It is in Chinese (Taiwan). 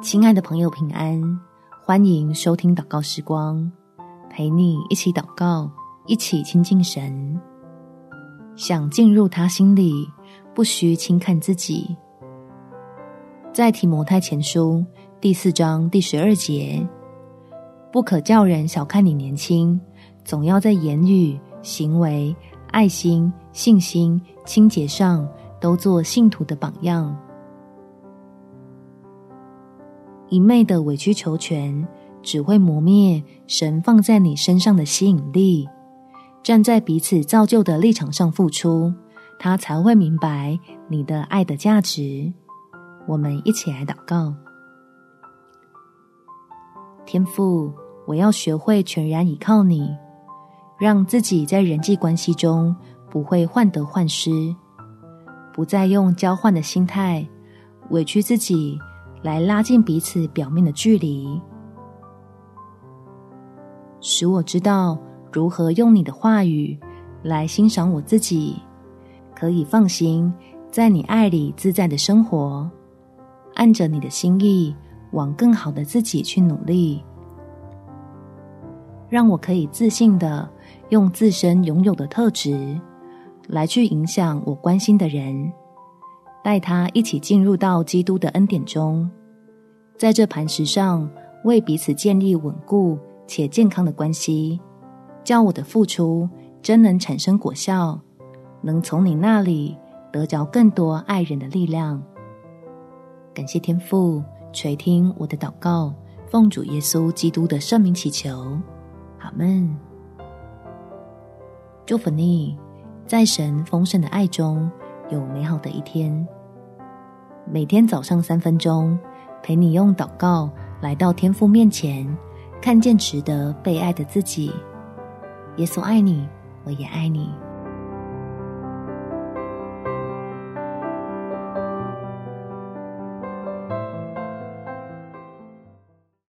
親愛的朋友，平安！歡迎收聽禱告時光，陪你一起禱告，一起親近神。想進入他心裡，不需輕看自己。在提摩太前書第四章第十二節：不可叫人小看你年輕，總要在言語、行為、愛心、信心、清潔上，都做信徒的榜樣。一昧的委曲求全，只會磨滅神放在你身上的吸引力。站在彼此造就的立場上付出，他才會明白你的愛的價值。我們一起來禱告：天父，我要學會全然倚靠你，讓自己在人際關係中不會患得患失，不再用交換的心態委屈自己。來拉近彼此表面的距離，使我知道如何用你的話語來欣賞我自己，可以放心在你愛裡自在的生活，按着你的心意往更好的自己去努力，讓我可以自信的用自身擁有的特質來去影響我關心的人。帶他一起進入到基督的恩典中，在這磐石上為彼此建立穩固且健康的關係，叫我的付出真能產生果效，能從你那裡得着更多愛人的力量。感謝天父垂聽我的禱告，奉主耶穌基督的聖名祈求，阿門。祝福你，在神豐盛的愛中。有美好的一天，每天早上三分鐘，陪你用禱告來到天父面前，看見值得被愛的自己。耶穌愛你，我也愛你。